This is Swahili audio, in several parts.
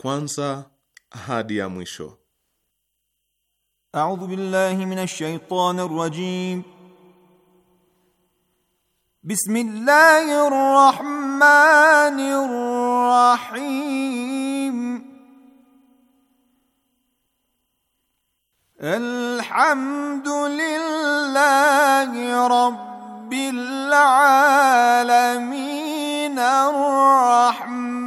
kwanza hadi ya mwisho. A'udhu billahi minash shaitani rrajim. Bismillahir rahmanir rahim. Alhamdulillahi rabbil alamin arrahman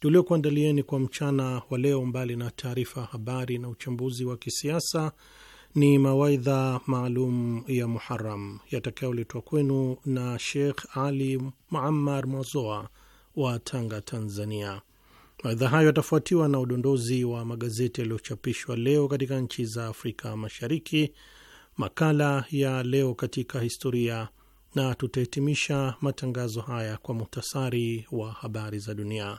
tuliokuandalieni kwa mchana wa leo, mbali na taarifa habari na uchambuzi wa kisiasa, ni mawaidha maalum ya Muharam yatakayoletwa kwenu na Sheikh Ali Muammar Mwazoa wa Tanga, Tanzania. Mawaidha hayo yatafuatiwa na udondozi wa magazeti yaliyochapishwa leo katika nchi za Afrika Mashariki, makala ya leo katika historia, na tutahitimisha matangazo haya kwa muhtasari wa habari za dunia.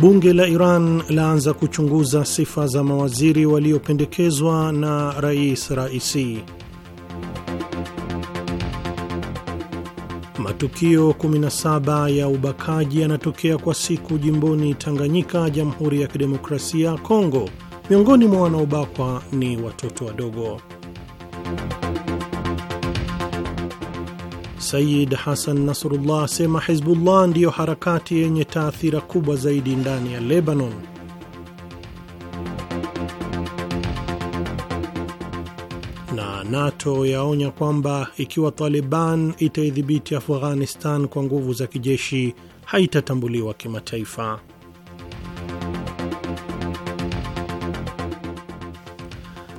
Bunge la Iran laanza kuchunguza sifa za mawaziri waliopendekezwa na Rais Raisi. Matukio 17 ya ubakaji yanatokea kwa siku jimboni Tanganyika, Jamhuri ya Kidemokrasia ya Kongo. Miongoni mwa wanaobakwa ni watoto wadogo. Said Hasan Nasrullah asema Hizbullah ndiyo harakati yenye taathira kubwa zaidi ndani ya Lebanon. Na NATO yaonya kwamba ikiwa Taliban itaidhibiti Afghanistan kwa nguvu za kijeshi haitatambuliwa kimataifa.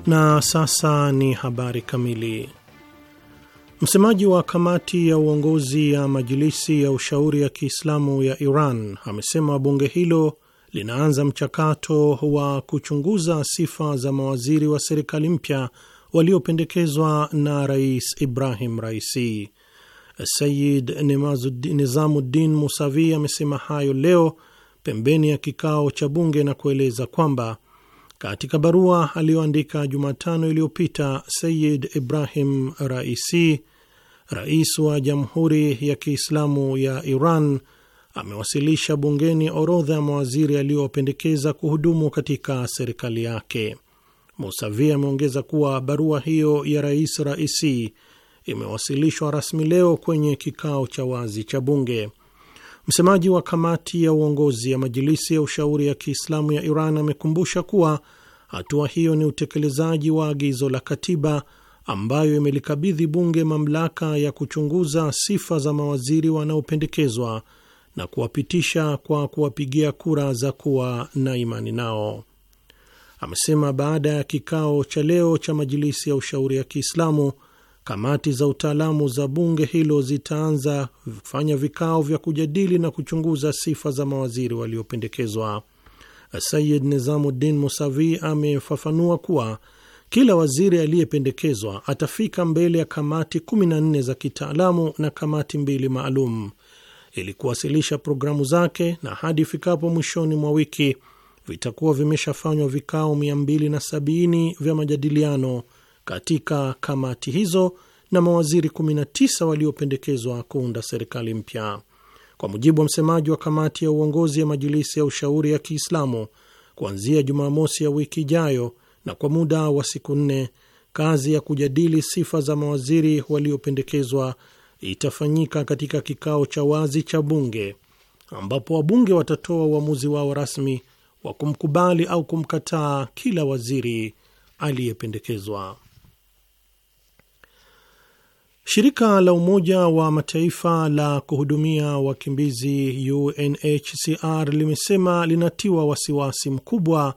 Na sasa ni habari kamili. Msemaji wa kamati ya uongozi ya Majilisi ya Ushauri ya Kiislamu ya Iran amesema bunge hilo linaanza mchakato wa kuchunguza sifa za mawaziri wa serikali mpya waliopendekezwa na Rais Ibrahim Raisi. Sayid Nizamuddin Musavi amesema hayo leo pembeni ya kikao cha bunge na kueleza kwamba katika barua aliyoandika Jumatano iliyopita, Sayid Ibrahim Raisi Rais wa Jamhuri ya Kiislamu ya Iran amewasilisha bungeni orodha ya mawaziri aliyopendekeza kuhudumu katika serikali yake. Musavi ameongeza kuwa barua hiyo ya Rais Raisi imewasilishwa rasmi leo kwenye kikao cha wazi cha bunge. Msemaji wa kamati ya uongozi ya Majilisi ya Ushauri ya Kiislamu ya Iran amekumbusha kuwa hatua hiyo ni utekelezaji wa agizo la katiba ambayo imelikabidhi bunge mamlaka ya kuchunguza sifa za mawaziri wanaopendekezwa na kuwapitisha kwa kuwapigia kura za kuwa na imani nao. Amesema baada ya kikao cha leo cha majilisi ya ushauri ya Kiislamu, kamati za utaalamu za bunge hilo zitaanza kufanya vikao vya kujadili na kuchunguza sifa za mawaziri waliopendekezwa. Sayid Nizamuddin Musavi amefafanua kuwa kila waziri aliyependekezwa atafika mbele ya kamati 14 za kitaalamu na kamati mbili maalum ili kuwasilisha programu zake, na hadi ifikapo mwishoni mwa wiki vitakuwa vimeshafanywa vikao 270 vya majadiliano katika kamati hizo na mawaziri 19 waliopendekezwa kuunda serikali mpya. Kwa mujibu wa msemaji wa kamati ya uongozi ya Majilisi ya Ushauri ya Kiislamu, kuanzia Jumamosi ya wiki ijayo na kwa muda wa siku nne kazi ya kujadili sifa za mawaziri waliopendekezwa itafanyika katika kikao cha wazi cha bunge ambapo wabunge watatoa uamuzi wao rasmi wa kumkubali au kumkataa kila waziri aliyependekezwa. Shirika la Umoja wa Mataifa la kuhudumia wakimbizi UNHCR limesema linatiwa wasiwasi mkubwa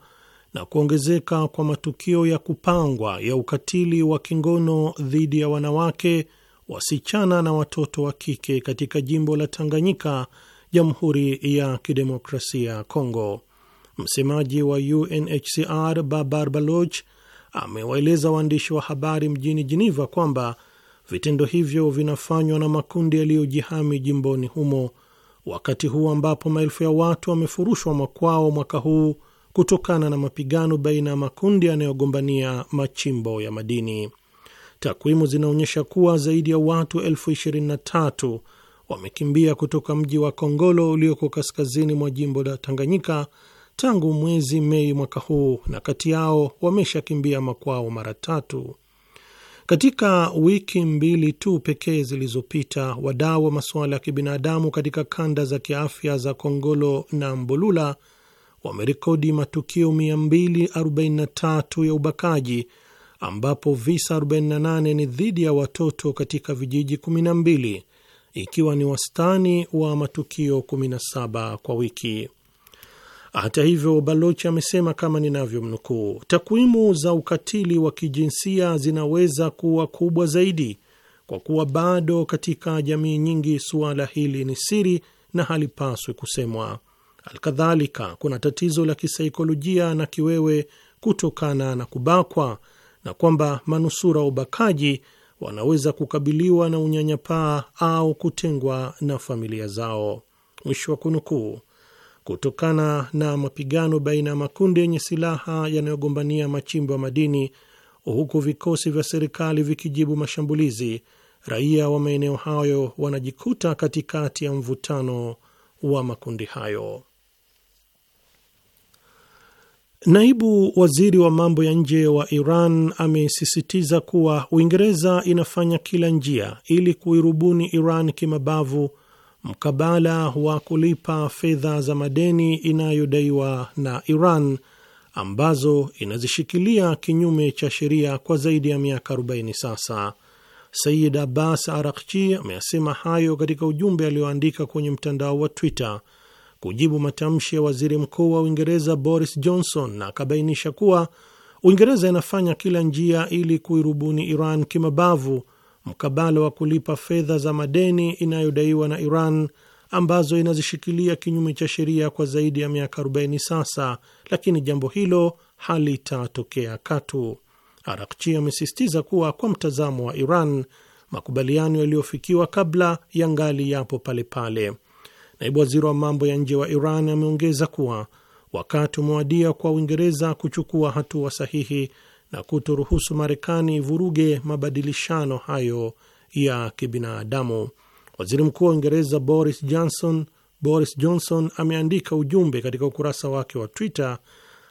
na kuongezeka kwa matukio ya kupangwa ya ukatili wa kingono dhidi ya wanawake, wasichana na watoto wa kike katika jimbo la Tanganyika, Jamhuri ya Kidemokrasia ya Kongo. Msemaji wa UNHCR Babar Baloch amewaeleza waandishi wa habari mjini Jeneva kwamba vitendo hivyo vinafanywa na makundi yaliyojihami jimboni humo, wakati huu ambapo maelfu ya watu wamefurushwa makwao mwaka huu kutokana na mapigano baina ya makundi yanayogombania machimbo ya madini. Takwimu zinaonyesha kuwa zaidi ya watu elfu 23 wamekimbia kutoka mji wa Kongolo ulioko kaskazini mwa jimbo la Tanganyika tangu mwezi Mei mwaka huu, na kati yao wameshakimbia makwao mara tatu. Katika wiki mbili tu pekee zilizopita, wadau wa masuala ya kibinadamu katika kanda za kiafya za Kongolo na mbulula wamerekodi matukio 243 ya ubakaji ambapo visa 48 ni dhidi ya watoto katika vijiji 12 ikiwa ni wastani wa matukio 17 kwa wiki. Hata hivyo, balochi amesema kama ninavyomnukuu, takwimu za ukatili wa kijinsia zinaweza kuwa kubwa zaidi kwa kuwa bado katika jamii nyingi suala hili ni siri na halipaswi kusemwa. Alkadhalika, kuna tatizo la kisaikolojia na kiwewe kutokana na kubakwa na kwamba manusura wa ubakaji wanaweza kukabiliwa na unyanyapaa au kutengwa na familia zao. Mwisho wa kunukuu. Kutokana na mapigano baina ya makundi yenye silaha yanayogombania machimbo ya madini, huku vikosi vya serikali vikijibu mashambulizi, raia wa maeneo hayo wanajikuta katikati ya mvutano wa makundi hayo. Naibu waziri wa mambo ya nje wa Iran amesisitiza kuwa Uingereza inafanya kila njia ili kuirubuni Iran kimabavu mkabala wa kulipa fedha za madeni inayodaiwa na Iran ambazo inazishikilia kinyume cha sheria kwa zaidi ya miaka 40 sasa. Said Abbas Arakchi ameyasema hayo katika ujumbe alioandika kwenye mtandao wa Twitter kujibu matamshi ya waziri mkuu wa Uingereza Boris Johnson, na akabainisha kuwa Uingereza inafanya kila njia ili kuirubuni Iran kimabavu mkabala wa kulipa fedha za madeni inayodaiwa na Iran ambazo inazishikilia kinyume cha sheria kwa zaidi ya miaka 40 sasa, lakini jambo hilo halitatokea katu. Arakchi amesisitiza kuwa kwa mtazamo wa Iran, makubaliano yaliyofikiwa kabla ya ngali yapo palepale pale. Naibu waziri wa mambo ya nje wa Iran ameongeza kuwa wakati umewadia kwa Uingereza kuchukua hatua sahihi na kutoruhusu Marekani ivuruge mabadilishano hayo ya kibinadamu. Waziri Mkuu wa Uingereza Boris Johnson, Boris Johnson ameandika ujumbe katika ukurasa wake wa Twitter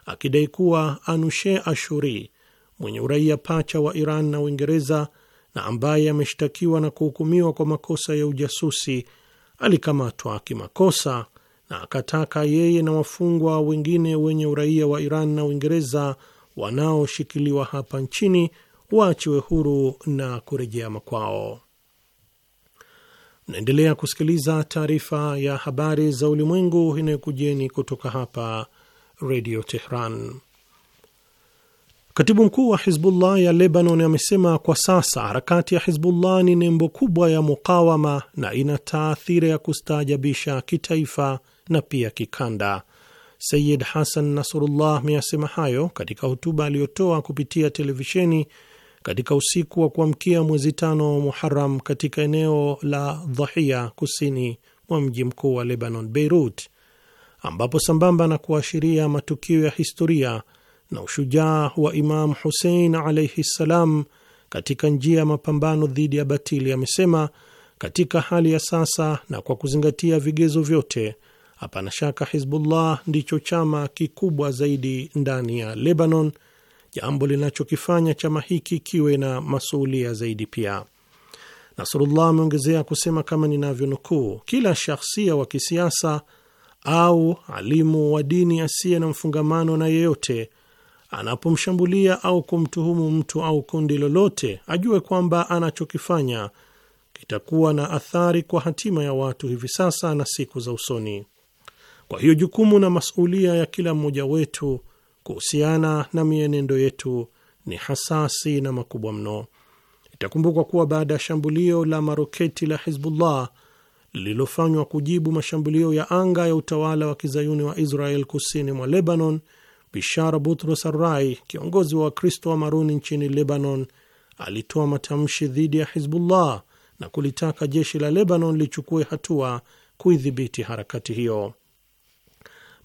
akidai kuwa Anushe Ashuri mwenye uraia pacha wa Iran na Uingereza na ambaye ameshtakiwa na kuhukumiwa kwa makosa ya ujasusi alikamatwa kimakosa na akataka yeye na wafungwa wengine wenye uraia wa Iran na Uingereza wanaoshikiliwa hapa nchini waachiwe huru na kurejea makwao. naendelea kusikiliza taarifa ya habari za ulimwengu inayokujeni kutoka hapa Redio Tehran. Katibu mkuu wa Hizbullah ya Lebanon amesema kwa sasa harakati ya Hizbullah ni nembo kubwa ya mukawama na ina taathira ya kustaajabisha kitaifa na pia kikanda. Sayid Hasan Nasrullah ameyasema hayo katika hotuba aliyotoa kupitia televisheni katika usiku wa kuamkia mwezi tano wa Muharam katika eneo la Dhahia kusini mwa mji mkuu wa Lebanon, Beirut, ambapo sambamba na kuashiria matukio ya historia na ushujaa wa Imamu Husein alaihi ssalam katika njia ya mapambano dhidi ya batili, amesema katika hali ya sasa na kwa kuzingatia vigezo vyote, hapana shaka Hizbullah ndicho chama kikubwa zaidi ndani ya Lebanon, jambo linachokifanya chama hiki kiwe na masuulia zaidi. Pia Nasrullah ameongezea kusema kama ninavyonukuu, kila shahsia wa kisiasa au alimu wa dini asiye na mfungamano na yeyote anapomshambulia au kumtuhumu mtu au kundi lolote, ajue kwamba anachokifanya kitakuwa na athari kwa hatima ya watu hivi sasa na siku za usoni. Kwa hiyo jukumu na masuulia ya kila mmoja wetu kuhusiana na mienendo yetu ni hasasi na makubwa mno. Itakumbukwa kuwa baada ya shambulio la maroketi la Hizbullah lililofanywa kujibu mashambulio ya anga ya utawala wa kizayuni wa Israel kusini mwa Lebanon Bishara Butros Arrai, kiongozi wa Wakristo wa Maruni nchini Lebanon, alitoa matamshi dhidi ya Hizbullah na kulitaka jeshi la Lebanon lichukue hatua kuidhibiti harakati hiyo.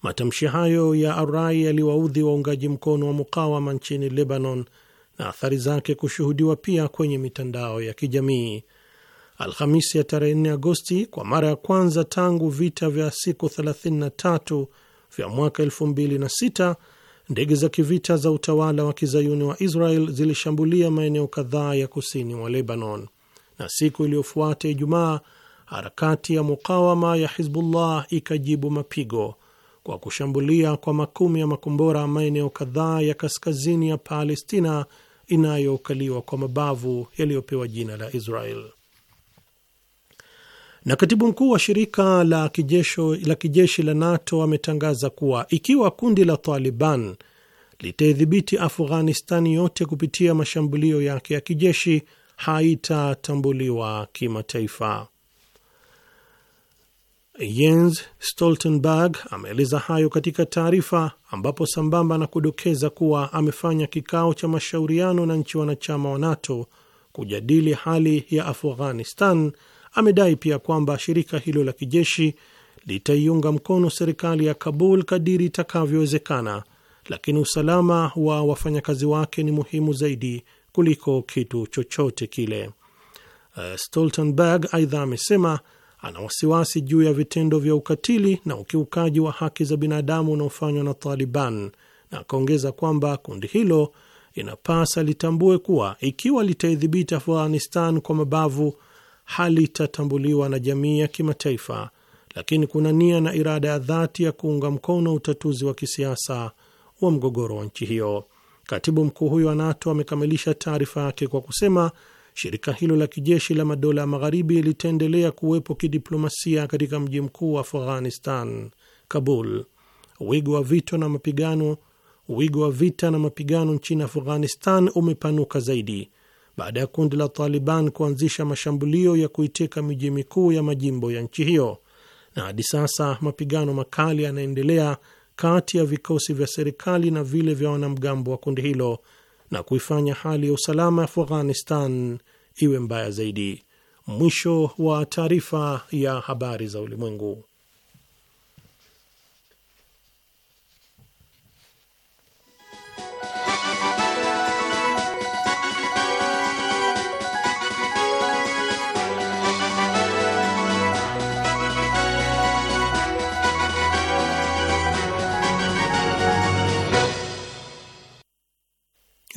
Matamshi hayo ya Arai yaliwaudhi waungaji mkono wa mukawama nchini Lebanon na athari zake kushuhudiwa pia kwenye mitandao ya kijamii. Alhamisi ya tarehe 4 Agosti, kwa mara ya kwanza tangu vita vya siku 33 vya mwaka sita ndege za kivita za utawala wa kizayuni wa Israel zilishambulia maeneo kadhaa ya kusini mwa Lebanon, na siku iliyofuata Ijumaa, harakati ya mukawama ya Hizbullah ikajibu mapigo kwa kushambulia kwa makumi ya makombora maeneo kadhaa ya kaskazini ya Palestina inayokaliwa kwa mabavu yaliyopewa jina la Israel. Na katibu mkuu wa shirika la, kijesho, la kijeshi la NATO ametangaza kuwa ikiwa kundi la Taliban litaidhibiti Afghanistani yote kupitia mashambulio yake ya kijeshi haitatambuliwa kimataifa. Jens Stoltenberg ameeleza hayo katika taarifa ambapo sambamba na kudokeza kuwa amefanya kikao cha mashauriano na nchi wanachama wa NATO kujadili hali ya Afghanistan Amedai pia kwamba shirika hilo la kijeshi litaiunga mkono serikali ya Kabul kadiri itakavyowezekana, lakini usalama wa wafanyakazi wake ni muhimu zaidi kuliko kitu chochote kile. Uh, Stoltenberg aidha amesema ana wasiwasi juu ya vitendo vya ukatili na ukiukaji wa haki za binadamu unaofanywa na Taliban na akaongeza kwamba kundi hilo inapasa litambue kuwa ikiwa litaidhibiti Afghanistan kwa mabavu halitatambuliwa na jamii ya kimataifa, lakini kuna nia na irada ya dhati ya kuunga mkono utatuzi wa kisiasa wa mgogoro wa nchi hiyo. Katibu mkuu huyo wa NATO amekamilisha taarifa yake kwa kusema shirika hilo la kijeshi la madola ya magharibi litaendelea kuwepo kidiplomasia katika mji mkuu wa Afghanistan, Kabul. Wigo wa vita na mapigano wigo wa vita na mapigano nchini Afghanistan umepanuka zaidi baada ya kundi la Taliban kuanzisha mashambulio ya kuiteka miji mikuu ya majimbo ya nchi hiyo, na hadi sasa mapigano makali yanaendelea kati ya vikosi vya serikali na vile vya wanamgambo wa kundi hilo na kuifanya hali ya usalama ya Afghanistan iwe mbaya zaidi. Mwisho wa taarifa ya habari za ulimwengu.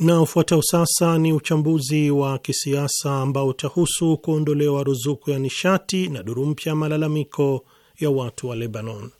Na ufuatao sasa ni uchambuzi wa kisiasa ambao utahusu kuondolewa ruzuku ya nishati na duru mpya malalamiko ya watu wa Lebanon.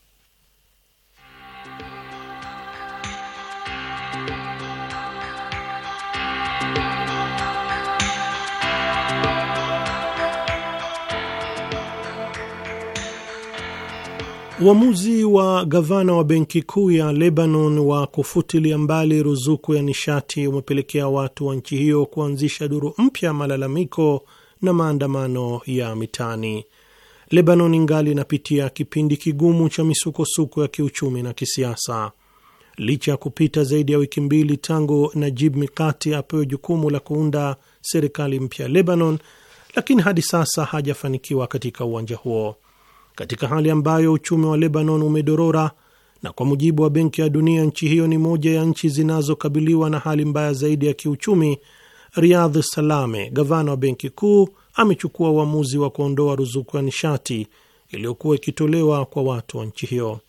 Uamuzi wa gavana wa benki kuu ya Lebanon wa kufutilia mbali ruzuku ya nishati umepelekea watu wa nchi hiyo kuanzisha duru mpya ya malalamiko na maandamano ya mitaani. Lebanon ingali inapitia kipindi kigumu cha misukosuko ya kiuchumi na kisiasa licha ya kupita zaidi ya wiki mbili tangu Najib Mikati apewe jukumu la kuunda serikali mpya Lebanon, lakini hadi sasa hajafanikiwa katika uwanja huo katika hali ambayo uchumi wa Lebanon umedorora na kwa mujibu wa Benki ya Dunia, nchi hiyo ni moja ya nchi zinazokabiliwa na hali mbaya zaidi ya kiuchumi, Riyadh Salame, gavana wa benki kuu, amechukua uamuzi wa kuondoa ruzuku ya nishati iliyokuwa ikitolewa kwa watu wa nchi hiyo.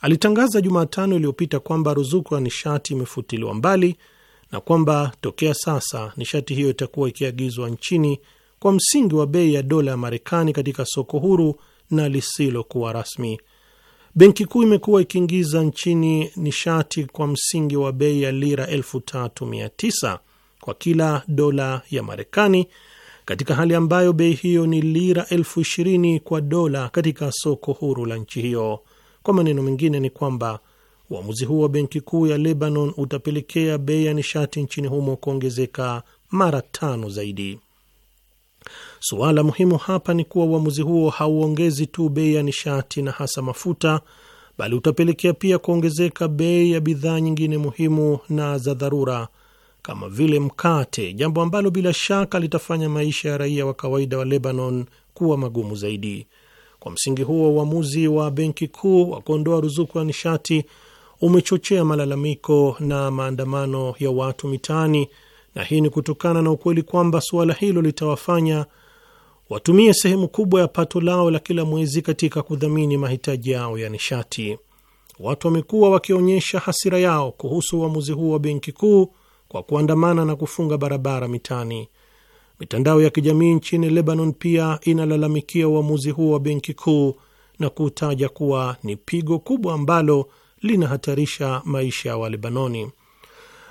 Alitangaza Jumatano iliyopita kwamba ruzuku ya nishati imefutiliwa mbali na kwamba tokea sasa nishati hiyo itakuwa ikiagizwa nchini kwa msingi wa bei ya dola ya Marekani katika soko huru na lisilokuwa rasmi. Benki Kuu imekuwa ikiingiza nchini nishati kwa msingi wa bei ya lira 3900 kwa kila dola ya Marekani, katika hali ambayo bei hiyo ni lira 20,000 kwa dola katika soko huru la nchi hiyo. Kwa maneno mengine ni kwamba uamuzi huo wa benki kuu ya Lebanon utapelekea bei ya nishati nchini humo kuongezeka mara tano zaidi. Suala muhimu hapa ni kuwa uamuzi huo hauongezi tu bei ya nishati na hasa mafuta, bali utapelekea pia kuongezeka bei ya bidhaa nyingine muhimu na za dharura kama vile mkate, jambo ambalo bila shaka litafanya maisha ya raia wa kawaida wa Lebanon kuwa magumu zaidi. Kwa msingi huo, uamuzi wa benki kuu wa kuondoa ruzuku ya nishati umechochea malalamiko na maandamano ya watu mitaani, na hii ni kutokana na ukweli kwamba suala hilo litawafanya watumie sehemu kubwa ya pato lao la kila mwezi katika kudhamini mahitaji yao ya nishati. Watu wamekuwa wakionyesha hasira yao kuhusu uamuzi huo wa benki kuu kwa kuandamana na kufunga barabara mitaani. Mitandao ya kijamii nchini Lebanon pia inalalamikia uamuzi huo wa benki kuu na kutaja kuwa ni pigo kubwa ambalo linahatarisha maisha ya Walebanoni.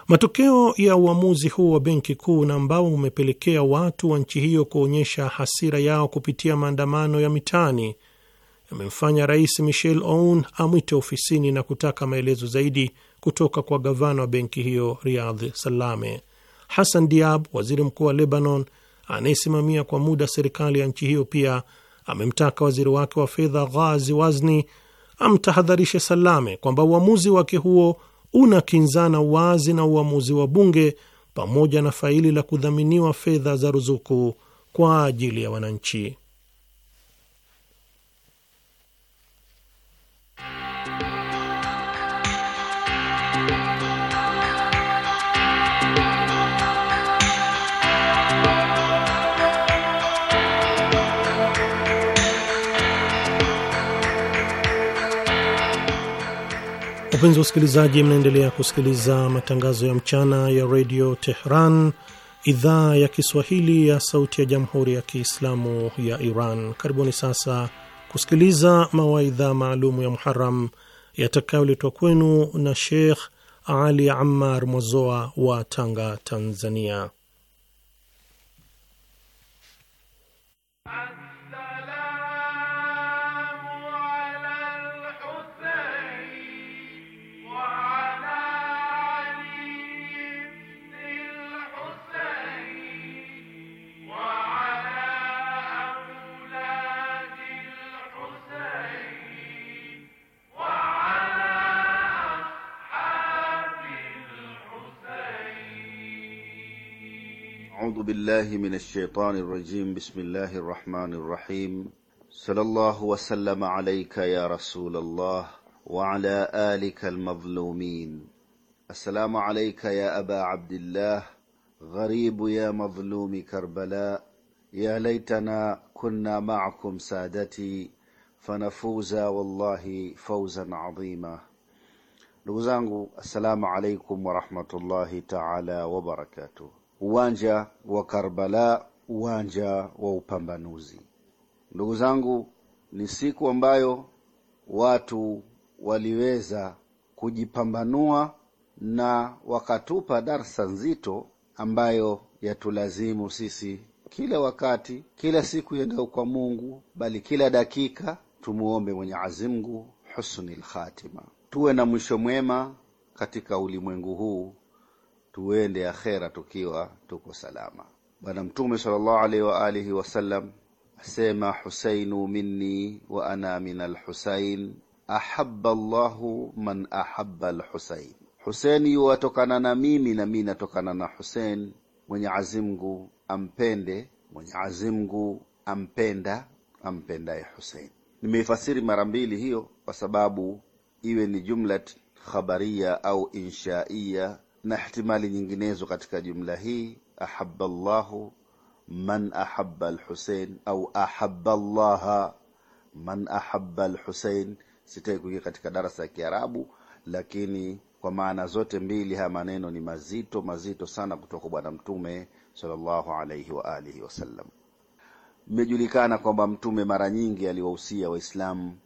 Matokeo ya uamuzi huu wa benki kuu na ambao umepelekea watu wa nchi hiyo kuonyesha hasira yao kupitia maandamano ya mitaani yamemfanya Rais Michel Aoun amwite ofisini na kutaka maelezo zaidi kutoka kwa gavana wa benki hiyo Riyadh Salame. Hassan Diab, waziri mkuu wa Lebanon anayesimamia kwa muda serikali ya nchi hiyo, pia amemtaka waziri wake wa fedha Ghazi Wazni amtahadharishe Salame kwamba uamuzi wake huo unakinzana wazi na uamuzi wa bunge pamoja na faili la kudhaminiwa fedha za ruzuku kwa ajili ya wananchi. Wapenzi wasikilizaji, mnaendelea kusikiliza matangazo ya mchana ya redio Tehran, idhaa ya Kiswahili ya sauti ya jamhuri ya Kiislamu ya Iran. Karibuni sasa kusikiliza mawaidha maalumu ya Muharam yatakayoletwa kwenu na Sheikh Ali Ammar Mwazoa wa Tanga, Tanzania. بالله من الشيطان الرجيم بسم الله الرحمن الرحيم صلى الله وسلم عليك يا رسول الله وعلى آلك المظلومين السلام عليك يا أبا عبد الله غريب يا مظلوم كربلاء يا ليتنا كنا معكم سادتي فنفوز والله فوزا عظيما نقول السلام عليكم ورحمة الله تعالى وبركاته uwanja wa Karbala, uwanja wa upambanuzi. Ndugu zangu, ni siku ambayo watu waliweza kujipambanua na wakatupa darsa nzito ambayo yatulazimu sisi kila wakati, kila siku yendao kwa Mungu, bali kila dakika tumuombe Mwenyezi Mungu husnul khatima, tuwe na mwisho mwema katika ulimwengu huu tuende akhera tukiwa tuko salama. Bwana Mtume sallallahu alaihi wa alihi wasallam asema, husainu minni wa ana min alhusain ahabba llahu man ahabba alhusain, Husaini yuwatokana na mimi na mimi natokana na Husain. Mwenyezi Mungu ampende, Mwenyezi Mungu ampenda ampendaye Husain. Nimeifasiri mara mbili hiyo kwa sababu iwe ni jumla khabaria au inshaia na ihtimali nyinginezo katika jumla hii, ahabba llahu man ahabba lhusein au ahabba llaha man ahabba lhusein Sitaki kuingia katika darasa ya Kiarabu, lakini kwa maana zote mbili haya maneno ni mazito mazito sana kutoka Bwana Mtume sallallahu alaihi wa alihi wasallam. Imejulikana kwamba Mtume mara nyingi aliwahusia Waislamu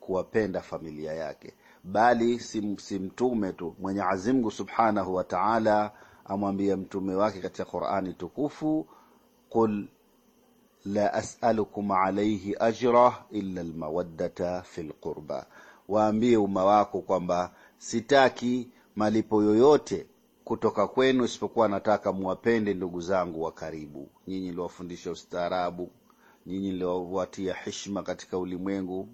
kuwapenda familia yake bali si mtume tu. Mwenyezi Mungu Subhanahu wa Ta'ala amwambia mtume wake katika Qur'ani tukufu, qul la as'alukum alayhi ajra illa almawaddata fil qurba, waambie umma wako kwamba sitaki malipo yoyote kutoka kwenu isipokuwa nataka muwapende ndugu zangu wa karibu. Nyinyi niliwafundisha ustaarabu, nyinyi niliwatia heshima katika ulimwengu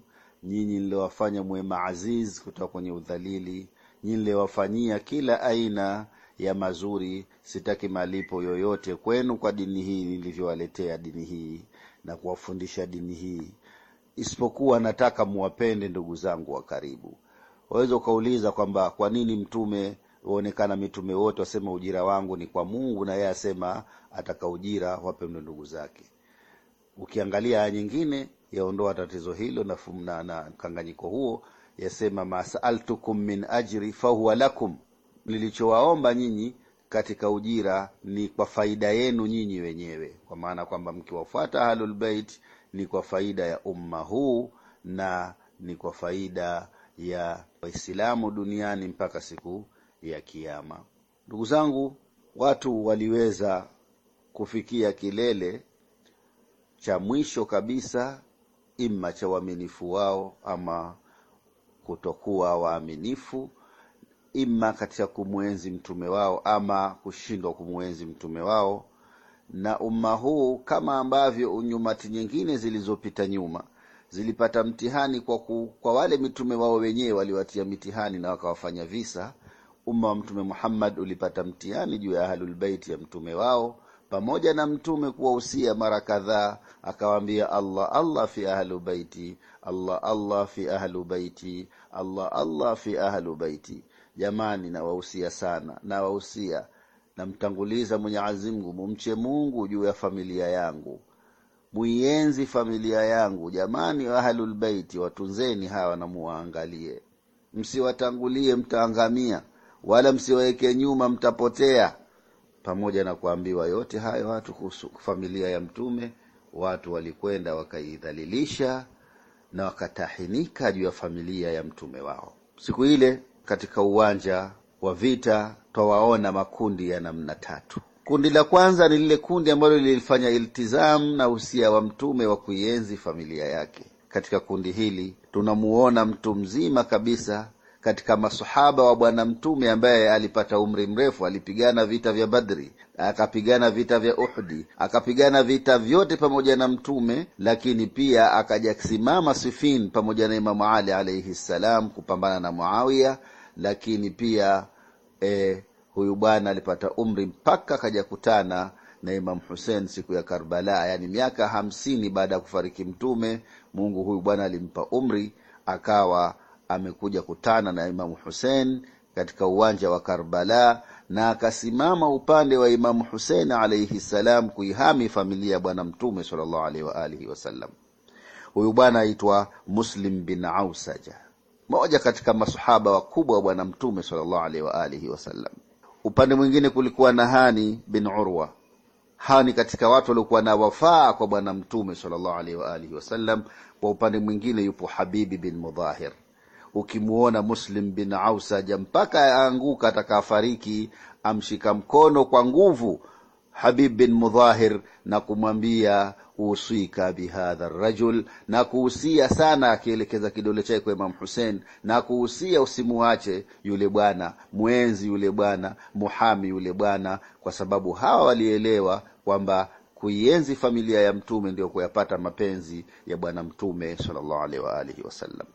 nyinyi niliwafanya mwe maaziz kutoka kwenye udhalili, nyinyi niliwafanyia kila aina ya mazuri, sitaki malipo yoyote kwenu kwa dini hii nilivyowaletea dini hii na kuwafundisha dini hii, isipokuwa nataka muwapende ndugu zangu wa karibu. Waweza ukauliza kwamba kwa nini mtume waonekana mitume wote wasema ujira wangu ni kwa Mungu, na yeye asema ataka ujira wapendwe ndugu zake. Ukiangalia aya nyingine yaondoa tatizo hilo na, na, na mkanganyiko huo. Yasema masaltukum min ajri fahuwa lakum, nilichowaomba nyinyi katika ujira ni kwa faida yenu nyinyi wenyewe, kwa maana kwamba mkiwafuata ahlul bait ni kwa faida ya umma huu na ni kwa faida ya Waislamu duniani mpaka siku ya Kiyama. Ndugu zangu, watu waliweza kufikia kilele cha mwisho kabisa ima cha uaminifu wao ama kutokuwa waaminifu, ima katika kumwenzi mtume wao ama kushindwa kumwenzi mtume wao. Na umma huu kama ambavyo unyumati nyingine zilizopita nyuma zilipata mtihani kwa, ku, kwa wale mitume wao wenyewe waliwatia mitihani na wakawafanya visa. Umma wa Mtume Muhammad ulipata mtihani juu ya Ahlulbeiti ya mtume wao pamoja na mtume kuwahusia mara kadhaa, akawaambia Allah Allah fi ahlu baiti, Allah Allah fi ahlu baiti, Allah Allah fi ahlu baiti. Jamani, nawahusia sana, nawahusia, namtanguliza Mwenyezi Mungu, mumche Mungu juu ya familia yangu, muienzi familia yangu. Jamani, ahlul baiti, watunzeni hawa na muwaangalie, msiwatangulie mtaangamia, wala msiwaweke nyuma mtapotea pamoja na kuambiwa yote hayo watu kuhusu familia ya Mtume, watu walikwenda wakaidhalilisha na wakatahinika juu ya familia ya mtume wao. Siku ile katika uwanja wa vita twawaona makundi ya namna tatu. Kundi la kwanza ni lile kundi ambalo lilifanya iltizamu na usia wa mtume wa kuienzi familia yake. Katika kundi hili tunamuona mtu mzima kabisa katika masahaba wa Bwana Mtume ambaye alipata umri mrefu. Alipigana vita vya Badri, akapigana vita vya Uhudi, akapigana vita vyote pamoja na Mtume, lakini pia akajasimama Sifin pamoja na Imamu Ali alaihi ssalam kupambana na Muawiya. Lakini pia e, huyu bwana alipata umri mpaka akajakutana na Imam Hussein siku ya Karbala, yani miaka hamsini baada ya kufariki Mtume. Mungu huyu bwana alimpa umri akawa amekuja kutana na Imamu Husein katika uwanja wa Karbala na akasimama upande wa Imamu Husein alaihi ssalam kuihami familia ya Bwana Mtume sallallahu alaihi wa alihi wasallam. Huyu bwana aitwa Muslim bin Ausaja, moja katika masahaba wakubwa wa Bwana Mtume sallallahu alaihi wa alihi wasallam. Upande mwingine kulikuwa na Hani bin Urwa. Hani katika watu waliokuwa na wafaa kwa Bwana Mtume sallallahu alaihi wa alihi wasallam. Kwa upande mwingine yupo Habibi bin Mudhahir ukimuona Muslim bin Aus aja mpaka aanguka atakafariki, amshika mkono kwa nguvu Habib bin Mudhahir na kumwambia usika bihadha rajul, na kuhusia sana, akielekeza kidole chake kwa Imam Hussein na kuhusia, usimuache yule bwana, mwenzi yule bwana, muhami yule bwana, kwa sababu hawa walielewa kwamba kuienzi familia ya Mtume ndio kuyapata mapenzi ya Bwana Mtume sallallahu alaihi wa alihi wasallam.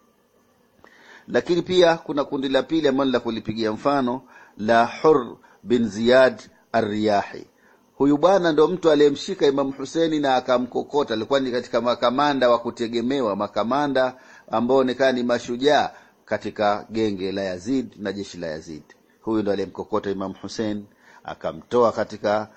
Lakini pia kuna kundi la pili ambalo la kulipigia mfano la Hur bin Ziyad Arriyahi. Huyu bwana ndo mtu aliyemshika Imamu Huseni na akamkokota. Alikuwa ni katika makamanda wa kutegemewa, makamanda ambao onekana ni mashujaa katika genge la Yazid na jeshi la Yazid. Huyu ndo aliyemkokota Imamu husen akamtoa katika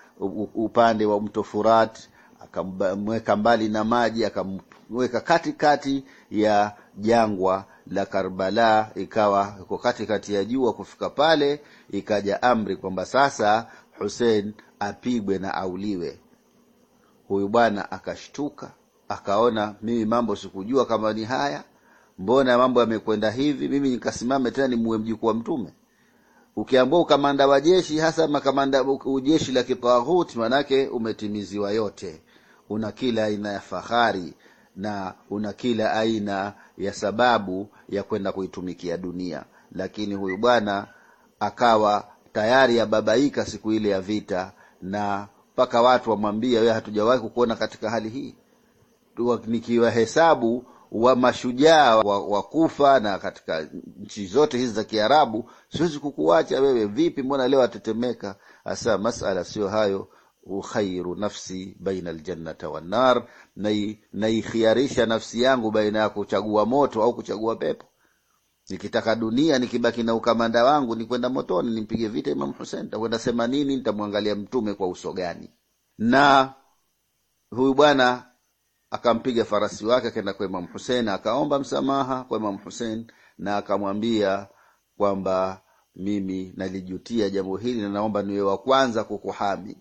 upande wa mto Furat, akamweka mbali na maji, akamweka katikati ya jangwa la Karbala ikawa iko katikati ya jua kufika pale, ikaja amri kwamba sasa Hussein apigwe na auliwe. Huyu bwana akashtuka, akaona mimi mambo sikujua kama ni haya, mbona mambo yamekwenda hivi? Mimi nikasimame tena nimuue mjukuu wa Mtume? Ukiambua ukamanda wa jeshi hasa makamanda ujeshi la kitaghuti, manake umetimiziwa yote, una kila aina ya fahari na una kila aina ya sababu ya kwenda kuitumikia dunia, lakini huyu bwana akawa tayari ababaika siku ile ya vita, na mpaka watu wamwambia, wewe, hatujawahi kukuona katika hali hii, nikiwahesabu wa mashujaa wa kufa na katika nchi zote hizi za Kiarabu, siwezi kukuacha wewe. Vipi, mbona leo atetemeka? Hasa masala sio hayo ukhairu nafsi baina aljannata wannar, naikhiarisha nafsi yangu baina ya kuchagua moto au kuchagua pepo. Nikitaka dunia, nikibaki na ukamanda wangu, nikwenda motoni, nimpige vita Imam Hussein. takwenda sema nini? mtume kwa uso gani? Na huyu bwana akampiga farasi wake, akaenda kwa Imam Hussein, akaomba msamaha kwa Imam Hussein na akamwambia kwamba mimi nalijutia jambo hili na naomba niwe wa kwanza kukuhami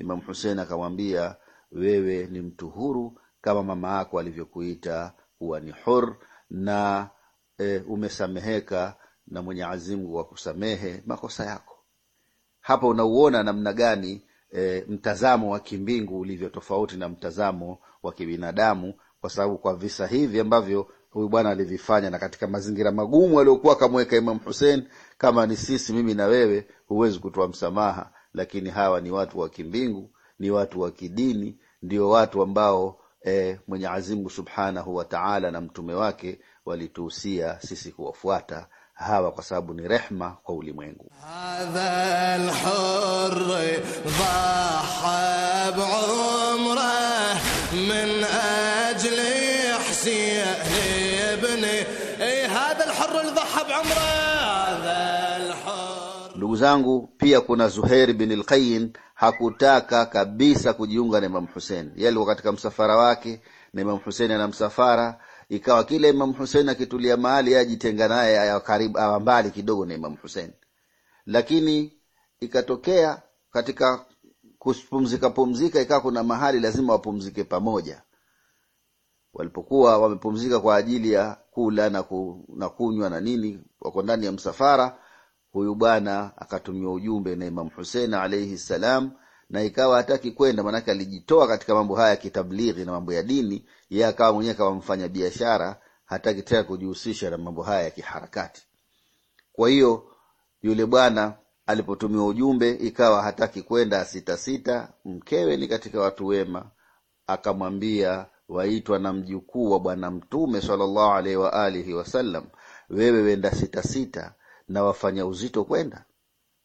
imam Husein akamwambia, wewe ni mtu huru kama mama yako alivyokuita kuwa ni hur, na e, umesameheka na mwenye azimu wa kusamehe makosa yako. Hapa unauona namna gani e, mtazamo wa kimbingu ulivyo tofauti na mtazamo wa kibinadamu, kwa sababu kwa visa hivi ambavyo huyu bwana alivifanya na katika mazingira magumu aliyokuwa akamweka Imam husen kama ni sisi, mimi na wewe, huwezi kutoa msamaha lakini hawa ni watu wa kimbingu, ni watu wa kidini, ndio watu ambao e, eh, Mwenyezi Mungu Subhanahu wa Ta'ala na mtume wake walituhusia sisi kuwafuata hawa kwa sababu ni rehma kwa ulimwengu zangu, pia kuna Zuheir bin Lqayim hakutaka kabisa kujiunga na Imam Hussein. Yeye alikuwa katika msafara wake na Imam Hussein ana msafara, ikawa kila Imam Hussein akitulia mahali ajitenga naye karibu mbali kidogo na Imam Hussein. Lakini ikatokea katika kupumzika pumzika, ikawa kuna mahali lazima wapumzike pamoja. Walipokuwa wamepumzika kwa ajili ya kula na kunywa na nini, wako ndani ya msafara huyu bwana akatumia ujumbe na imam Hussein alayhi salam na ikawa hataki kwenda, maanake alijitoa katika mambo haya ya kitablighi na mambo ya dini. Yeye akawa mwenyewe kama mfanya biashara, hataki tena kujihusisha na mambo haya ya kiharakati. Kwa hiyo yule bwana alipotumia ujumbe, ikawa hataki kwenda, asitasita. Mkewe ni katika watu wema, akamwambia waitwa na mjukuu wa Bwana Mtume sallallahu alaihi alihi wasallam, wewe wenda sitasita na wafanya uzito kwenda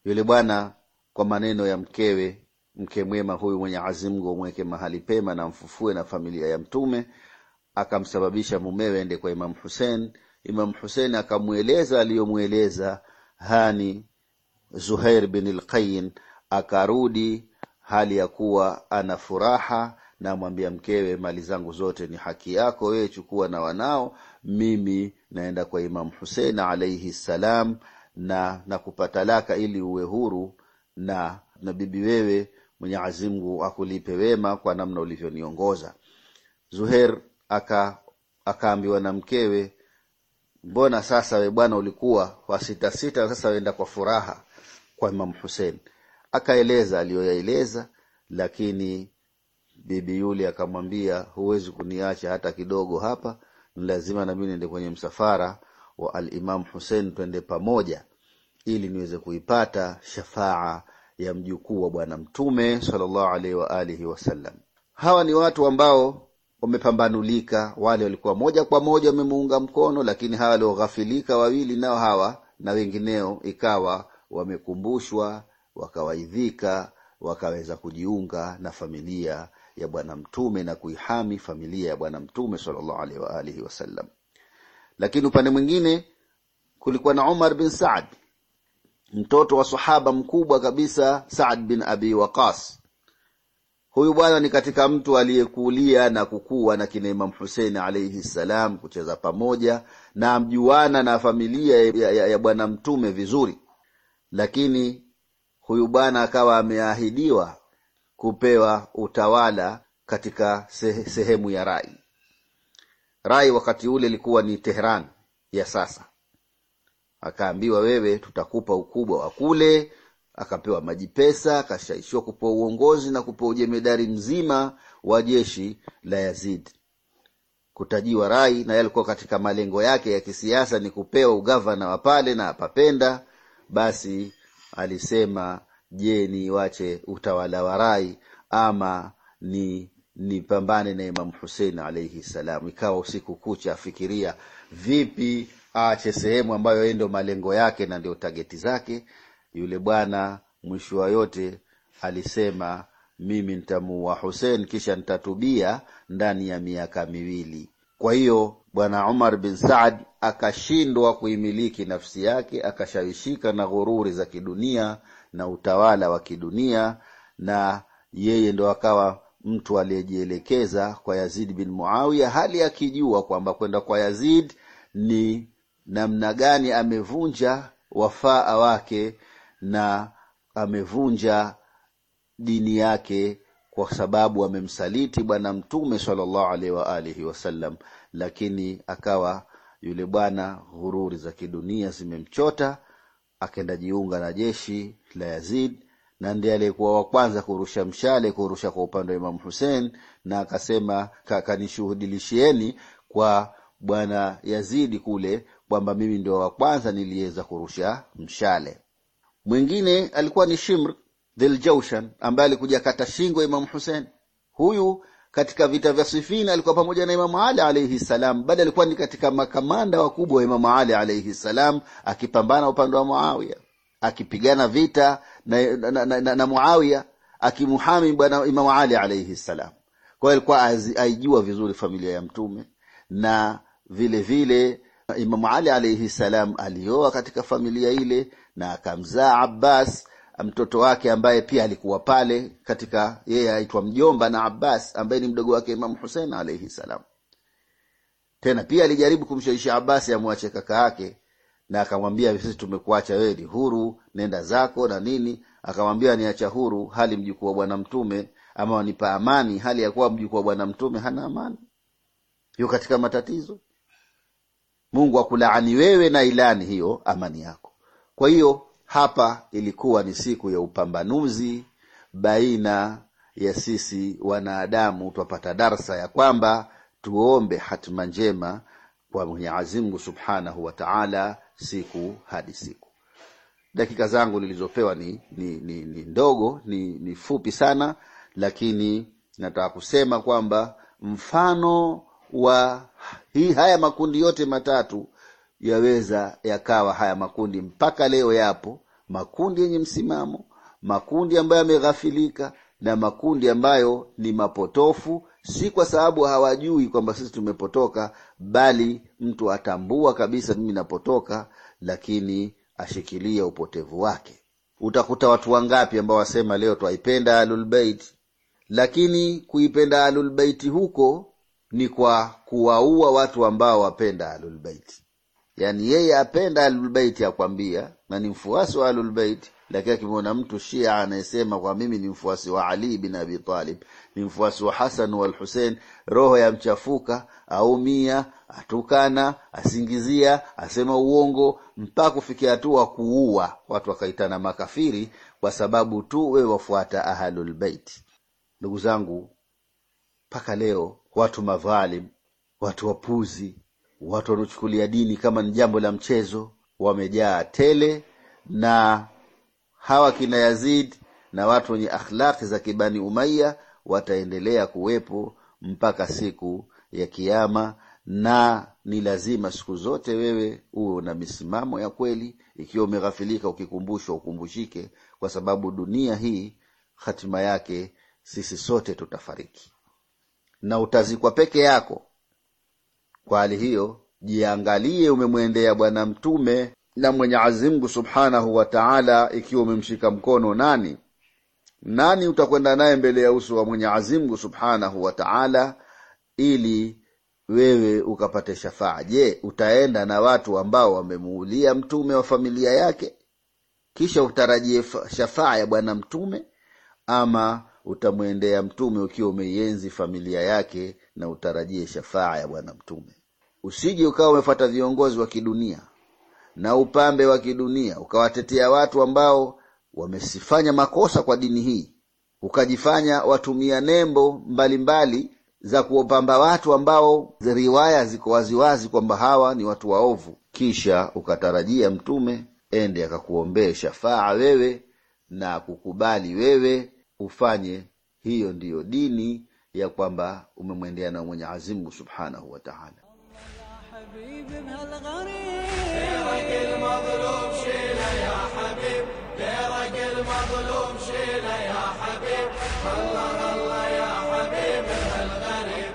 yule bwana kwa maneno ya mkewe mke mwema huyu mwenye azimgu amweke mahali pema na mfufue na familia ya mtume akamsababisha mumewe ende kwa Imam husen Imam husen akamweleza aliyomweleza Hani Zuhair bin lqayin akarudi hali ya kuwa ana furaha namwambia mkewe, mali zangu zote ni haki yako wewe, chukua na wanao, mimi naenda kwa Imam Hussein alaihi salam na na laka ili uwe huru na na bibi wewe, mwenyeazimgu akulipe wema kwa namna ulivyoniongoza. Zuher aka akaambiwa na mkewe, mbona sasa we bwana ulikuwa wasitasita, sasa wenda kwa furaha kwa Imamu husen Akaeleza aliyoyaeleza, lakini bibi yule akamwambia, huwezi kuniacha hata kidogo hapa, ni lazima nami niende kwenye msafara wa alimamu Husein, twende pamoja ili niweze kuipata shafaa ya mjukuu wa Bwana Mtume sallallahu alaihi wa alihi wasallam. Hawa ni watu ambao wamepambanulika. Wale walikuwa moja kwa moja wamemuunga mkono, lakini hawa walioghafilika wawili nao hawa na wengineo, ikawa wamekumbushwa, wakawaidhika, wakaweza kujiunga na familia ya Bwana Mtume na kuihami familia ya Bwana Mtume sallallahu alaihi wa alihi wasallam. Lakini upande mwingine kulikuwa na Umar bin Saad, mtoto wa sahaba mkubwa kabisa Saad bin Abi Waqas. Huyu bwana ni katika mtu aliyekulia na kukua na kina Imam Husein alaihi ssalam, kucheza pamoja na mjuana na familia ya, ya, ya Bwana Mtume vizuri, lakini huyu bwana akawa ameahidiwa kupewa utawala katika sehemu ya Rai. Rai wakati ule ilikuwa ni Tehran ya sasa. Akaambiwa, wewe tutakupa ukubwa wa kule. Akapewa maji pesa, akashaishiwa kupewa uongozi na kupewa ujemedari mzima wa jeshi la Yazid. Kutajiwa Rai na yalikuwa katika malengo yake ya kisiasa ni kupewa ugavana wa pale, na apapenda basi, alisema je, niwache utawala wa Rai ama ni nipambane na imam Husein alaihi salam. Ikawa usiku kucha afikiria vipi aache sehemu ambayo endo malengo yake na ndio tageti zake. Yule bwana mwisho wa yote alisema mimi ntamuua Husein kisha ntatubia ndani ya miaka miwili. Kwa hiyo bwana Umar bin Saad akashindwa kuimiliki nafsi yake, akashawishika na ghururi za kidunia na utawala wa kidunia, na yeye ndo akawa mtu aliyejielekeza kwa Yazid bin Muawiya, hali akijua kwamba kwenda kwa Yazid ni namna gani amevunja wafaa wake na amevunja dini yake kwa sababu amemsaliti Bwana Mtume sallallahu alaihi wa alihi wasallam, lakini akawa yule bwana, ghururi za kidunia zimemchota, akaenda jiunga na jeshi la Yazid na ndiye aliyekuwa wa kwanza kurusha mshale, kurusha kwa upande wa Imamu husein na akasema kanishuhudilishieni kwa bwana Yazidi kule kwamba mimi ndio wa kwanza niliweza kurusha mshale. Mwingine alikuwa ni Shimr Dhiljawshan ambaye alikuja kata shingo ya Imamu husein Huyu katika vita vya Sifina alikuwa pamoja na Imamu Ali alaihi ssalam bali alikuwa ni katika makamanda wakubwa wa Imamu Ali alaihi ssalam akipambana upande wa Muawiya akipigana vita na, na, na, na, na, na Muawiya akimuhami bwana Imamu Ali alaihi ssalam. Kwa hiyo alikuwa aijua vizuri familia ya Mtume na vilevile vile Imamu Ali alaihi ssalam alioa katika familia ile na akamzaa Abbas mtoto wake ambaye pia alikuwa pale katika yeye aitwa mjomba na Abbas ambaye ni mdogo wake Imamu Husein alaihi ssalam. Tena pia alijaribu kumshawishi Abbas amwache kaka yake na akamwambia, sisi tumekuacha wewe ni huru, nenda zako na nini. Akamwambia, niacha huru hali mjukuu wa Bwana Mtume, ama wanipa amani hali ya kuwa mjukuu wa Bwana Mtume hana amani, yuko katika matatizo. Mungu akulaani wewe na ilani hiyo amani yako. Kwa hiyo hapa ilikuwa ni siku ya upambanuzi baina ya sisi wanadamu, twapata darsa ya kwamba tuombe hatima njema kwa Mwenyezi Mungu Subhanahu wa Ta'ala siku hadi siku. Dakika zangu nilizopewa ni, ni, ni, ni ndogo ni, ni fupi sana, lakini nataka kusema kwamba mfano wa hii haya makundi yote matatu yaweza yakawa haya makundi mpaka leo yapo makundi yenye msimamo, makundi ambayo yameghafilika na makundi ambayo ni mapotofu si kwa sababu hawajui kwamba sisi tumepotoka, bali mtu atambua kabisa, mimi napotoka, lakini ashikilia upotevu wake. Utakuta watu wangapi ambao wasema leo twaipenda alulbeit lakini kuipenda alulbeiti huko ni kwa kuwaua watu ambao wapenda alulbeiti Yaani yeye apenda alulbeiti akwambia na ni mfuasi wa alulbeiti lakini akimwona mtu Shia anayesema kwa mimi ni mfuasi wa Ali bin Abi Talib, ni mfuasi wa Hasan wal Husein, roho yamchafuka, aumia, atukana, asingizia, asema uongo, mpaka kufikia hatua kuua watu, wakaitana makafiri kwa sababu tu we wafuata Ahlul Bait. Ndugu zangu, mpaka leo watu madhalim, watu wapuzi, watu wanaochukulia dini kama ni jambo la mchezo wamejaa tele na hawa kina Yazid na watu wenye akhlaki za kibani Umaya wataendelea kuwepo mpaka siku ya Kiama, na ni lazima siku zote wewe uwe na misimamo ya kweli. Ikiwa umeghafilika, ukikumbushwa, ukumbushike, kwa sababu dunia hii hatima yake sisi sote tutafariki na utazikwa peke yako. Kwa hali hiyo, jiangalie, umemwendea Bwana Mtume la Mwenyezi Mungu subhanahu wa taala, ikiwa umemshika mkono nani nani utakwenda naye mbele ya uso wa Mwenyezi Mungu subhanahu wa taala ili wewe ukapate shafaa. Je, utaenda na watu ambao wamemuulia mtume wa familia yake, kisha utarajie shafaa ya bwana mtume, ama utamwendea mtume ukiwa umeienzi familia yake na utarajie shafaa ya bwana mtume? Usije ukawa umefuata viongozi wa kidunia na upambe wa kidunia, ukawatetea watu ambao wamesifanya makosa kwa dini hii, ukajifanya watumia nembo mbalimbali mbali za kuwapamba watu ambao riwaya ziko waziwazi kwamba hawa ni watu waovu, kisha ukatarajia mtume ende akakuombee shafaa wewe na kukubali wewe ufanye. Hiyo ndiyo dini ya kwamba umemwendea na mwenyeazimgu subhanahu wa taala. حبيب غيرك المظلوم شيله يا حبيب غيرك المظلوم شيله يا حبيب الله الله يا حبيب بهالغريب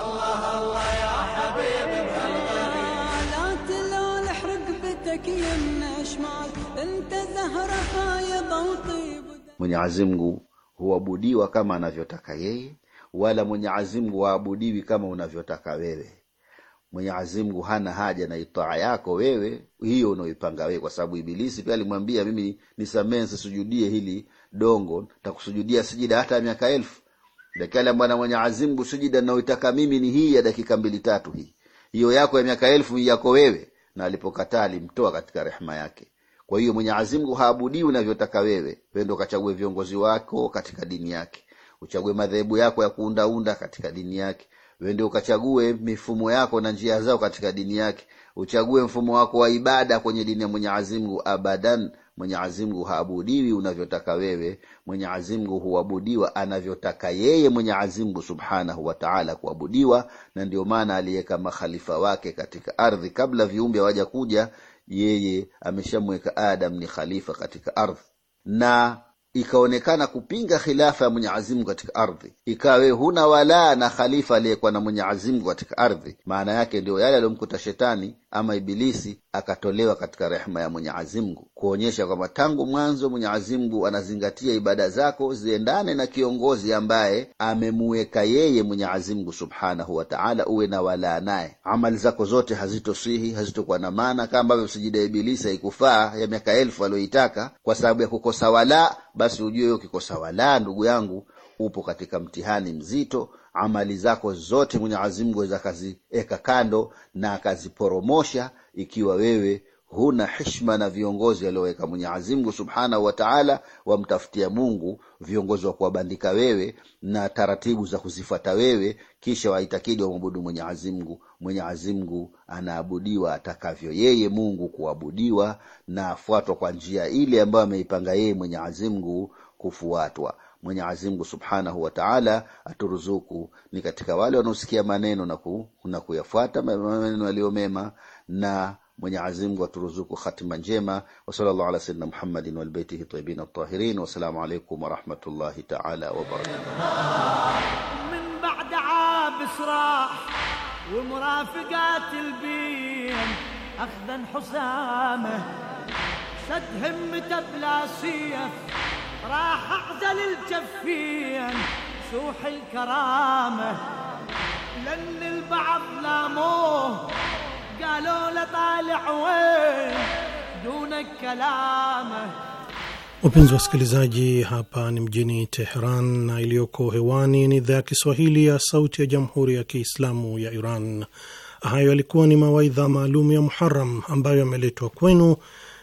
الله الله يا حبيب بهالغريب لا تلون رقبتك يمنا شمال انت زهره فايضه وطيب mwenye azimgu huabudiwa kama anavyotaka yeye wala mwenye azimgu waabudiwi kama unavyotaka wewe Mwenyezi Mungu hana haja na itaa yako wewe hiyo unaoipanga wewe, kwa sababu Ibilisi pia alimwambia mimi nisamee sisujudie hili dongo, takusujudia sijida hata ya miaka elfu. Dakika Bwana Mwenyezi Mungu, sijida naoitaka mimi ni hii ya dakika mbili tatu, hii hiyo yako ya miaka elfu hii yako wewe. Na alipokataa alimtoa katika rehma yake. Kwa hiyo Mwenyezi Mungu haabudii unavyotaka wewe. Wewe ndio kachague viongozi wako katika dini yake, uchague madhehebu yako ya kuundaunda katika dini yake wende ukachague mifumo yako na njia zao katika dini yake uchague mfumo wako wa ibada kwenye dini ya Mwenyezi abadan Mwenyezi haabudiwi unavyotaka wewe Mwenyezi huabudiwa anavyotaka yeye mwenyeazimgu Subhanahu wataala kuabudiwa na ndio maana aliweka makhalifa wake katika ardhi kabla viumbe awaja kuja yeye ameshamweka Adam ni khalifa katika ardhi na ikaonekana kupinga khilafa ya mwenye Mungu katika ardhi, ikawe huna walaa na khalifa aliyekuwa na mwenye Mungu katika ardhi. Maana yake ndio yale aliyomkuta shetani ama Ibilisi akatolewa katika rehma ya Mwenyezi Mungu, kuonyesha kwamba tangu mwanzo Mwenyezi Mungu anazingatia ibada zako ziendane na kiongozi ambaye amemuweka yeye Mwenyezi Mungu subhanahu wa taala, uwe na walaa naye. Amali zako zote hazitosihi, hazitokuwa na maana, kama ambavyo sijida ya Ibilisi haikufaa ya miaka elfu aliyoitaka kwa sababu ya kukosa walaa. Basi ujue ukikosa walaa, ndugu yangu, upo katika mtihani mzito amali zako zote Mwenyezi Mungu aweza akaziweka kando na akaziporomosha, ikiwa wewe huna hishma na viongozi alioweka Mwenyezi Mungu subhanahu wataala Wamtafutia Mungu viongozi wa kuwabandika wewe na taratibu za kuzifata wewe, kisha waitakidi wamwabudu Mwenyezi Mungu. Mwenyezi Mungu anaabudiwa atakavyo yeye Mungu kuabudiwa, na afuatwa kwa njia ile ambayo ameipanga yeye Mwenyezi Mungu kufuatwa. Mwenyezi Mungu Subhanahu wa Ta'ala aturuzuku ni katika wale wanaosikia maneno na, ku, na kuyafuata maneno yaliyo mema na Mwenyezi Mungu aturuzuku khatima njema. Wa sallallahu ala sayyidina Muhammadin wal baitihi tayyibin at-tahirin. Wa salamu alaykum wa rahmatullahi ta'ala wa barakatuh. Min ba'da abisra wa murafiqat al-bin akhdan husama sad himmata bla siyaf راح اعزل الجفين سوح الكرامة لأن البعض لاموه قالوا له طالع وين دونك كلامه Wapenzi wasikilizaji, hapa ni mjini Teheran na iliyoko hewani ni idhaa ya Kiswahili ya Sauti ya Jamhuri ya Kiislamu ya Iran. Hayo yalikuwa ni mawaidha maalum ya Muharam ambayo yameletwa kwenu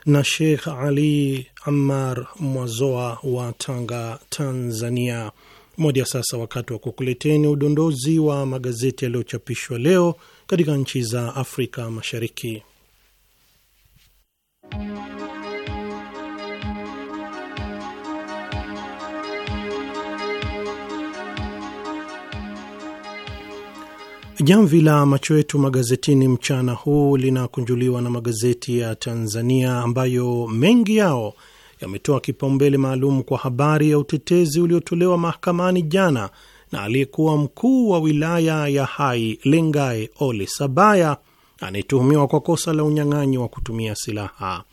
na Sheikh Ali Ammar Mwazoa wa Tanga, Tanzania. Moja sasa, wakati wa kukuleteni udondozi wa magazeti yaliyochapishwa leo katika nchi za Afrika Mashariki. Jamvi la macho yetu magazetini mchana huu linakunjuliwa na magazeti ya Tanzania ambayo mengi yao yametoa kipaumbele maalum kwa habari ya utetezi uliotolewa mahakamani jana na aliyekuwa mkuu wa wilaya ya Hai Lengae Ole Sabaya anayetuhumiwa kwa kosa la unyang'anyi wa kutumia silaha.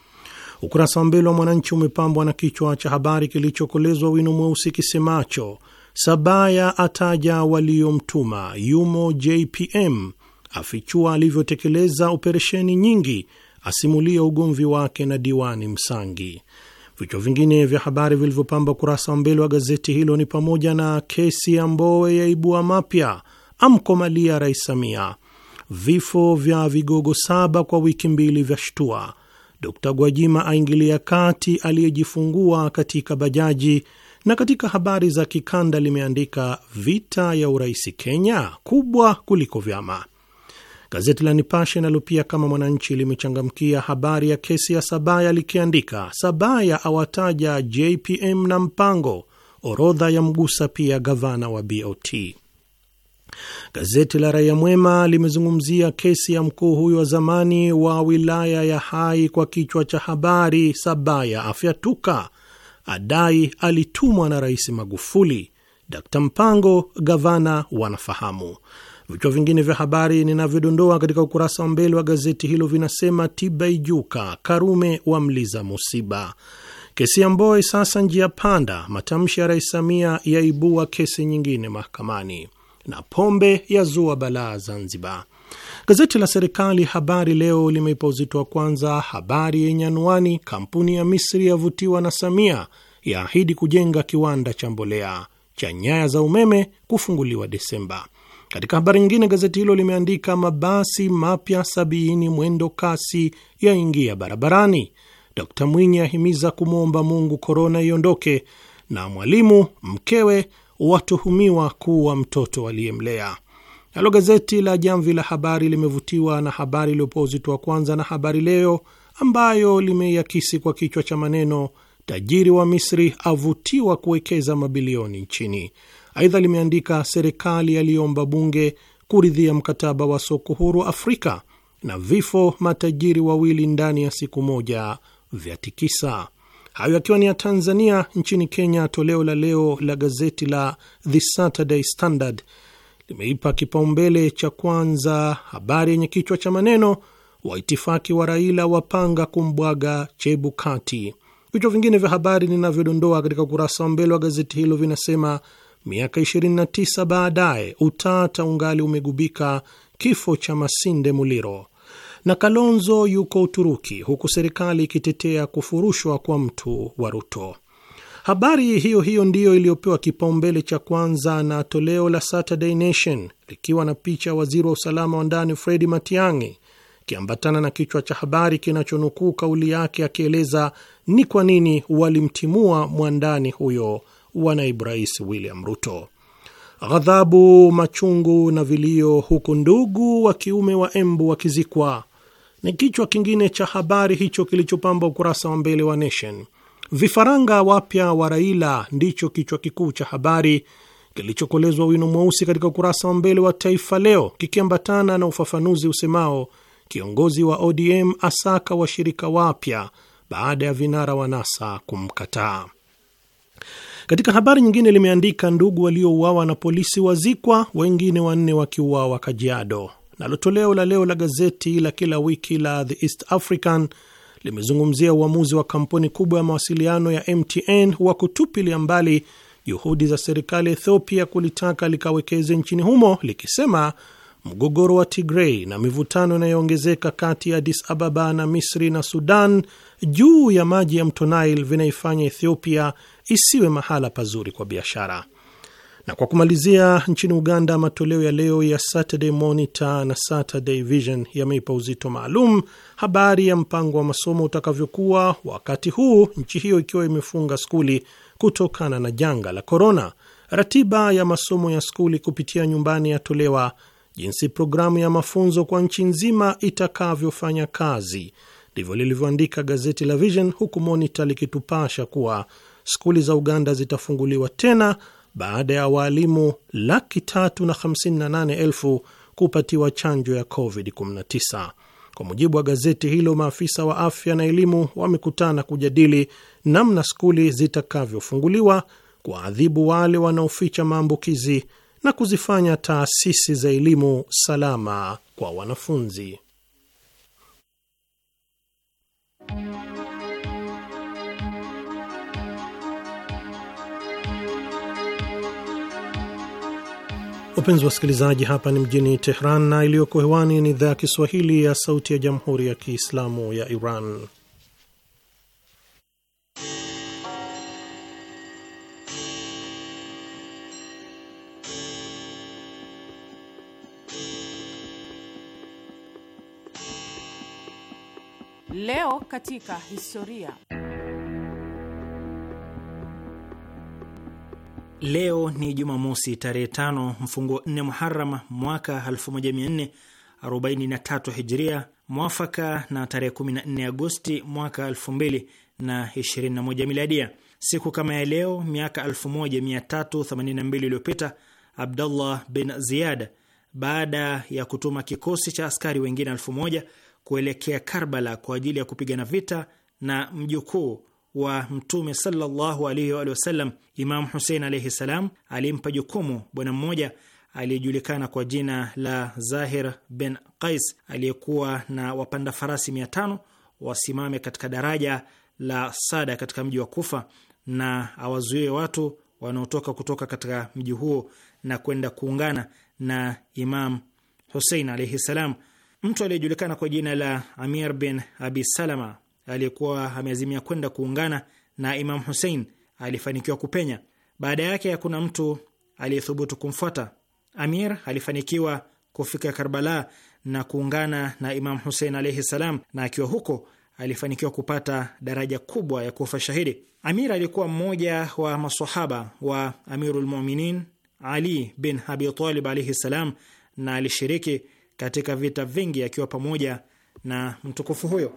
Ukurasa wa mbele wa Mwananchi umepambwa na kichwa cha habari kilichokolezwa wino mweusi kisemacho Sabaya ataja waliomtuma, yumo JPM, afichua alivyotekeleza operesheni nyingi, asimulia ugomvi wake na diwani Msangi. Vichwa vingine vya habari vilivyopamba ukurasa wa mbele wa gazeti hilo ni pamoja na kesi ya Mbowe yaibua mapya, amkomalia Rais Samia, vifo vya vigogo saba kwa wiki mbili vya shtua, Dkt Gwajima aingilia kati aliyejifungua katika bajaji na katika habari za kikanda limeandika vita ya urais Kenya kubwa kuliko vyama. Gazeti la Nipashe nalo pia kama Mwananchi limechangamkia habari ya kesi ya Sabaya likiandika, Sabaya awataja JPM na Mpango, orodha ya mgusa pia gavana wa BOT. Gazeti la Raia Mwema limezungumzia kesi ya mkuu huyo wa zamani wa wilaya ya Hai kwa kichwa cha habari, Sabaya afyatuka, adai alitumwa na Rais Magufuli. Dkt Mpango, gavana wanafahamu. Vichwa vingine vya habari ninavyodondoa katika ukurasa wa mbele wa gazeti hilo vinasema: tiba ijuka, Karume wamliza musiba, kesi ya Mboe sasa njia panda, matamshi ya Rais Samia yaibua kesi nyingine mahakamani, na pombe yazua balaa Zanzibar. Gazeti la serikali Habari Leo limeipa uzito wa kwanza habari yenye anwani, kampuni ya Misri yavutiwa na Samia, yaahidi kujenga kiwanda cha mbolea cha nyaya za umeme kufunguliwa Desemba. Katika habari nyingine, gazeti hilo limeandika mabasi mapya sabini mwendo kasi yaingia barabarani, Dkt Mwinyi ahimiza kumwomba Mungu korona iondoke, na mwalimu mkewe watuhumiwa kuwa mtoto aliyemlea. Nalo gazeti la Jamvi la Habari limevutiwa na habari iliyopoa uzito wa kwanza na Habari Leo, ambayo limeiakisi kwa kichwa cha maneno tajiri wa Misri avutiwa kuwekeza mabilioni nchini. Aidha limeandika serikali yaliomba bunge kuridhia mkataba wa soko huru Afrika, na vifo matajiri wawili ndani ya siku moja vya tikisa. Hayo yakiwa ni ya Tanzania. Nchini Kenya, toleo la leo la gazeti la The Saturday Standard limeipa kipaumbele cha kwanza habari yenye kichwa cha maneno waitifaki wa Raila wapanga kumbwaga Chebukati. Vichwa vingine vya habari ninavyodondoa katika ukurasa wa mbele wa gazeti hilo vinasema Miaka 29 baadaye utata ungali umegubika kifo cha Masinde Muliro na Kalonzo yuko Uturuki, huku serikali ikitetea kufurushwa kwa mtu wa Ruto. Habari hiyo hiyo ndiyo iliyopewa kipaumbele cha kwanza na toleo la Saturday Nation likiwa na picha ya waziri wa usalama wa ndani Fredi Matiang'i ikiambatana na kichwa cha habari kinachonukuu kauli yake akieleza ni kwa nini walimtimua mwandani huyo wa naibu rais William Ruto. Ghadhabu, machungu na vilio, huku ndugu wa kiume wa Embu wakizikwa, ni kichwa kingine cha habari hicho kilichopamba ukurasa wa mbele wa Nation. Vifaranga wapya wa Raila ndicho kichwa kikuu cha habari kilichokolezwa wino mweusi katika ukurasa wa mbele wa Taifa Leo, kikiambatana na ufafanuzi usemao kiongozi wa ODM asaka washirika wapya baada ya vinara wa NASA kumkataa. Katika habari nyingine limeandika ndugu waliouawa na polisi wazikwa, wengine wanne wakiuawa Kajiado. Nalo toleo la leo la gazeti la kila wiki la The East African limezungumzia uamuzi wa kampuni kubwa ya mawasiliano ya MTN wa kutupilia mbali juhudi za serikali Ethiopia kulitaka likawekeze nchini humo, likisema mgogoro wa Tigrei na mivutano inayoongezeka kati ya Adis Ababa na Misri na Sudan juu ya maji ya mto Nile vinaifanya Ethiopia isiwe mahala pazuri kwa biashara. Na kwa kumalizia, nchini Uganda, matoleo ya leo ya Saturday Monitor na Saturday Vision yameipa uzito maalum habari ya mpango wa masomo utakavyokuwa wakati huu nchi hiyo ikiwa imefunga skuli kutokana na janga la korona. Ratiba ya masomo ya skuli kupitia nyumbani yatolewa jinsi programu ya mafunzo kwa nchi nzima itakavyofanya kazi, ndivyo lilivyoandika gazeti la Vision, huku Monita likitupasha kuwa skuli za Uganda zitafunguliwa tena baada ya waalimu laki tatu na hamsini na nane elfu kupatiwa chanjo ya COVID-19. Kwa mujibu wa gazeti hilo, maafisa wa afya na elimu wamekutana kujadili namna skuli zitakavyofunguliwa, kuwaadhibu wale wanaoficha maambukizi na kuzifanya taasisi za elimu salama kwa wanafunzi. Upenzi wa wasikilizaji, hapa ni mjini Tehran na iliyoko hewani ni idhaa ya Kiswahili ya Sauti ya Jamhuri ya Kiislamu ya Iran. Leo katika historia. Leo ni Jumamosi tarehe tano mfungo 4 Muharam mwaka 1443 Hijria, mwafaka na tarehe 14 Agosti mwaka 2021 Miladia. Siku kama ya leo miaka 1382 iliyopita Abdullah bin Ziyad, baada ya kutuma kikosi cha askari wengine elfu moja kuelekea Karbala kwa ajili ya kupigana vita na mjukuu wa Mtume sallallahu alaihi wa sallam, Imam Husein alaihi salam, alimpa jukumu bwana mmoja aliyejulikana kwa jina la Zahir bin Qais aliyekuwa na wapanda farasi mia tano wasimame katika daraja la Sada katika mji wa Kufa na awazuie watu wanaotoka kutoka katika mji huo na kwenda kuungana na Imam Husein alaihi salam Mtu aliyejulikana kwa jina la Amir bin Abi Salama aliyekuwa ameazimia kwenda kuungana na Imam husein alifanikiwa kupenya. Baada yake hakuna mtu aliyethubutu kumfuata. Amir alifanikiwa kufika Karbala na kuungana na Imam Husein alaihi salam, na akiwa huko alifanikiwa kupata daraja kubwa ya kufa shahidi. Amir alikuwa mmoja wa masahaba wa Amirulmuminin Ali bin Abi Talib alaihi salam, na alishiriki katika vita vingi akiwa pamoja na mtukufu huyo.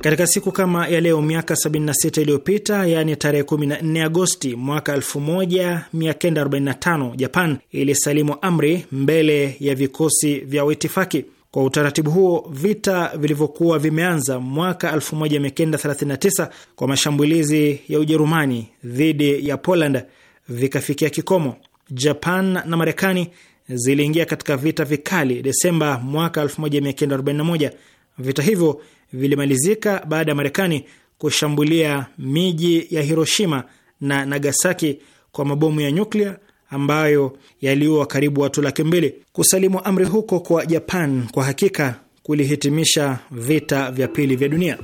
Katika siku kama ya leo miaka 76 iliyopita, yaani tarehe 14 Agosti mwaka 1945, Japan ilisalimu amri mbele ya vikosi vya Waitifaki. Kwa utaratibu huo, vita vilivyokuwa vimeanza mwaka 1939 kwa mashambulizi ya Ujerumani dhidi ya Poland vikafikia kikomo. Japan na Marekani ziliingia katika vita vikali Desemba mwaka 1941. Vita hivyo vilimalizika baada ya Marekani kushambulia miji ya Hiroshima na Nagasaki kwa mabomu ya nyuklia ambayo yaliua karibu watu laki mbili. Kusalimu amri huko kwa Japan kwa hakika kulihitimisha vita vya pili vya dunia.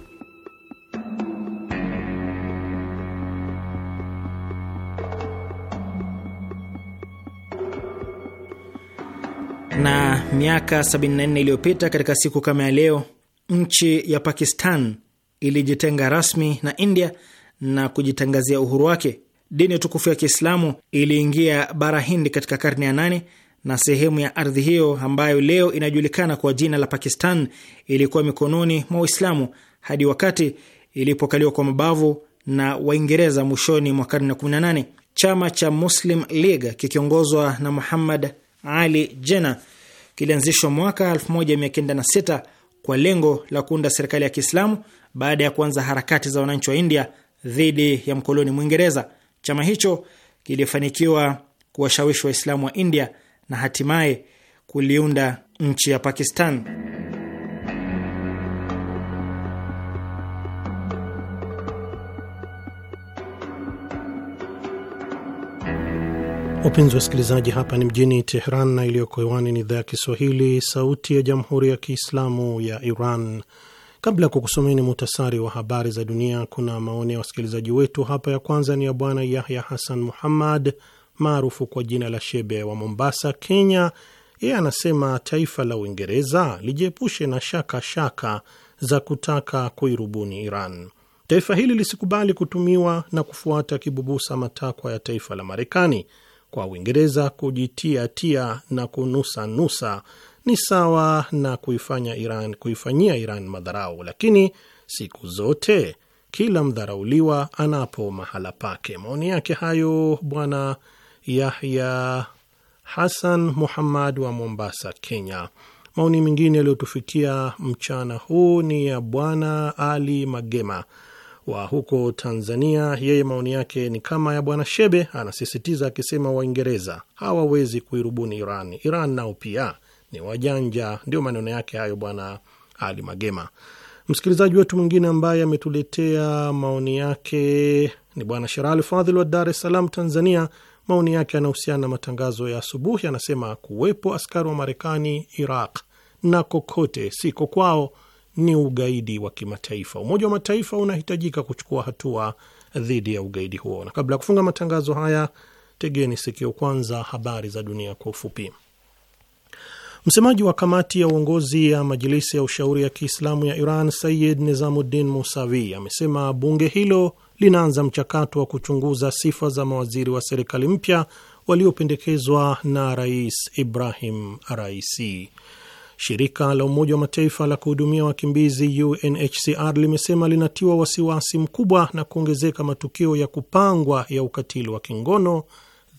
Na miaka 74 iliyopita katika siku kama ya leo, nchi ya Pakistan ilijitenga rasmi na India na kujitangazia uhuru wake dini tukufu ya Kiislamu iliingia bara Hindi katika karne ya nane na sehemu ya ardhi hiyo ambayo leo inajulikana kwa jina la Pakistan ilikuwa mikononi mwa Waislamu hadi wakati ilipokaliwa kwa mabavu na Waingereza mwishoni mwa karne ya 18. Chama cha Muslim League kikiongozwa na Muhammad Ali jena kilianzishwa mwaka 1906 kwa lengo la kuunda serikali ya Kiislamu baada ya kuanza harakati za wananchi wa India dhidi ya mkoloni Mwingereza. Chama hicho kilifanikiwa kuwashawishi Waislamu wa India na hatimaye kuliunda nchi ya Pakistan. Wapenzi wasikilizaji, hapa ni mjini Teheran na iliyoko hewani ni idhaa ya Kiswahili, Sauti ya Jamhuri ya Kiislamu ya Iran. Kabla ya kukusomeni muhtasari wa habari za dunia, kuna maoni ya wasikilizaji wetu hapa. Ya kwanza ni ya Bwana Yahya Hassan Muhammad maarufu kwa jina la Shebe wa Mombasa, Kenya. Yeye anasema taifa la Uingereza lijiepushe na shaka shaka za kutaka kuirubuni Iran. Taifa hili lisikubali kutumiwa na kufuata kibubusa matakwa ya taifa la Marekani kwa Uingereza kujitiatia na kunusa nusa ni sawa na kuifanya Iran, kuifanyia Iran madharau, lakini siku zote kila mdharauliwa anapo mahala pake. Maoni yake hayo Bwana Yahya Hasan Muhammad wa Mombasa, Kenya. Maoni mengine yaliyotufikia mchana huu ni ya Bwana Ali Magema wa huko Tanzania. Yeye maoni yake ni kama ya Bwana Shebe, anasisitiza akisema, Waingereza hawawezi kuirubuni Iran, Iran nao pia ni wajanja. Ndio maneno yake hayo, Bwana Ali Magema. Msikilizaji wetu mwingine ambaye ametuletea maoni yake ni Bwana Sherali Fadhil wa Dar es Salaam, Tanzania. Maoni yake yanahusiana na matangazo ya asubuhi. Anasema kuwepo askari wa Marekani Iraq na kokote siko kwao ni ugaidi wa kimataifa. Umoja wa Mataifa unahitajika kuchukua hatua dhidi ya ugaidi huo. Na kabla ya kufunga matangazo haya, tegeni sikio kwanza habari za dunia kwa ufupi. Msemaji wa kamati ya uongozi ya Majilisi ya Ushauri ya Kiislamu ya Iran, Sayid Nizamuddin Musavi, amesema bunge hilo linaanza mchakato wa kuchunguza sifa za mawaziri wa serikali mpya waliopendekezwa na Rais Ibrahim Raisi. Shirika la Umoja wa Mataifa la kuhudumia wakimbizi UNHCR limesema linatiwa wasiwasi mkubwa na kuongezeka matukio ya kupangwa ya ukatili wa kingono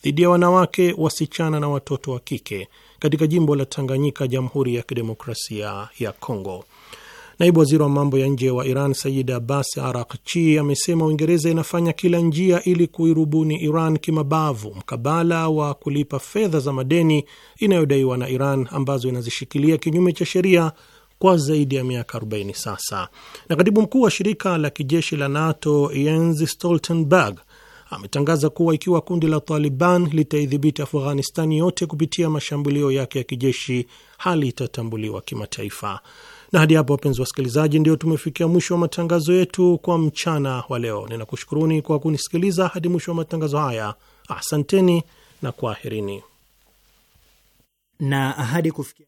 dhidi ya wanawake, wasichana na watoto wa kike katika jimbo la Tanganyika, Jamhuri ya Kidemokrasia ya Kongo. Naibu waziri wa mambo ya nje wa Iran Sayid Abbas Arakchi amesema Uingereza inafanya kila njia ili kuirubuni Iran kimabavu mkabala wa kulipa fedha za madeni inayodaiwa na Iran ambazo inazishikilia kinyume cha sheria kwa zaidi ya miaka 40 sasa. Na katibu mkuu wa shirika la kijeshi la NATO Jens Stoltenberg ametangaza kuwa ikiwa kundi la Taliban litaidhibiti Afghanistani yote kupitia mashambulio yake ya kijeshi, hali itatambuliwa kimataifa. Na hadi hapo, wapenzi wasikilizaji, ndio tumefikia mwisho wa matangazo yetu kwa mchana wa leo. Ninakushukuruni kwa kunisikiliza hadi mwisho wa matangazo haya. Asanteni na kwaherini na ahadi kufikia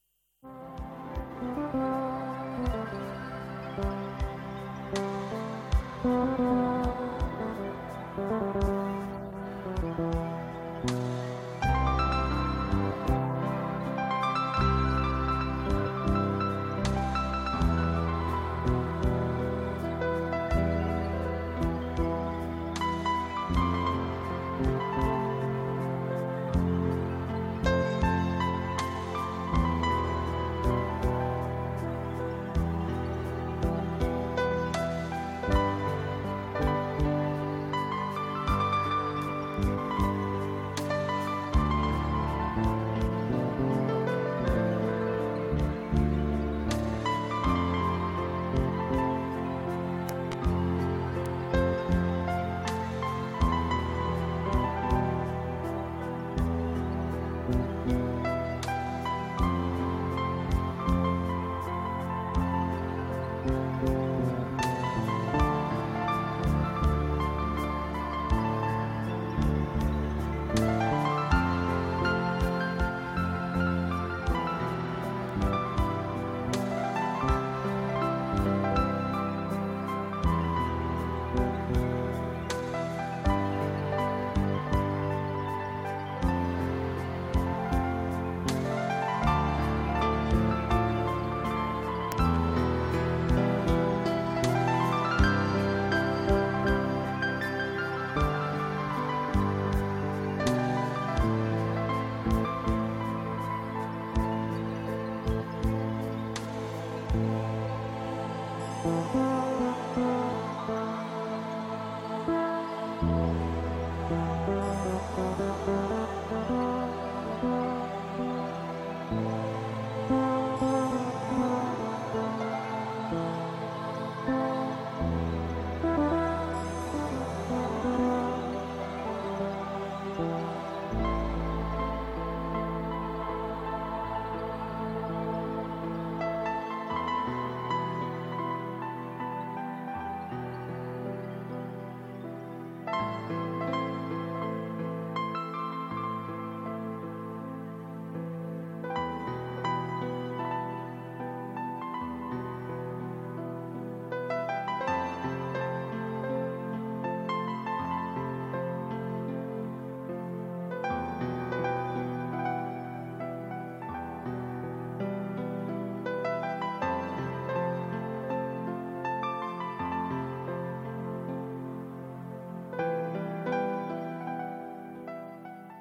you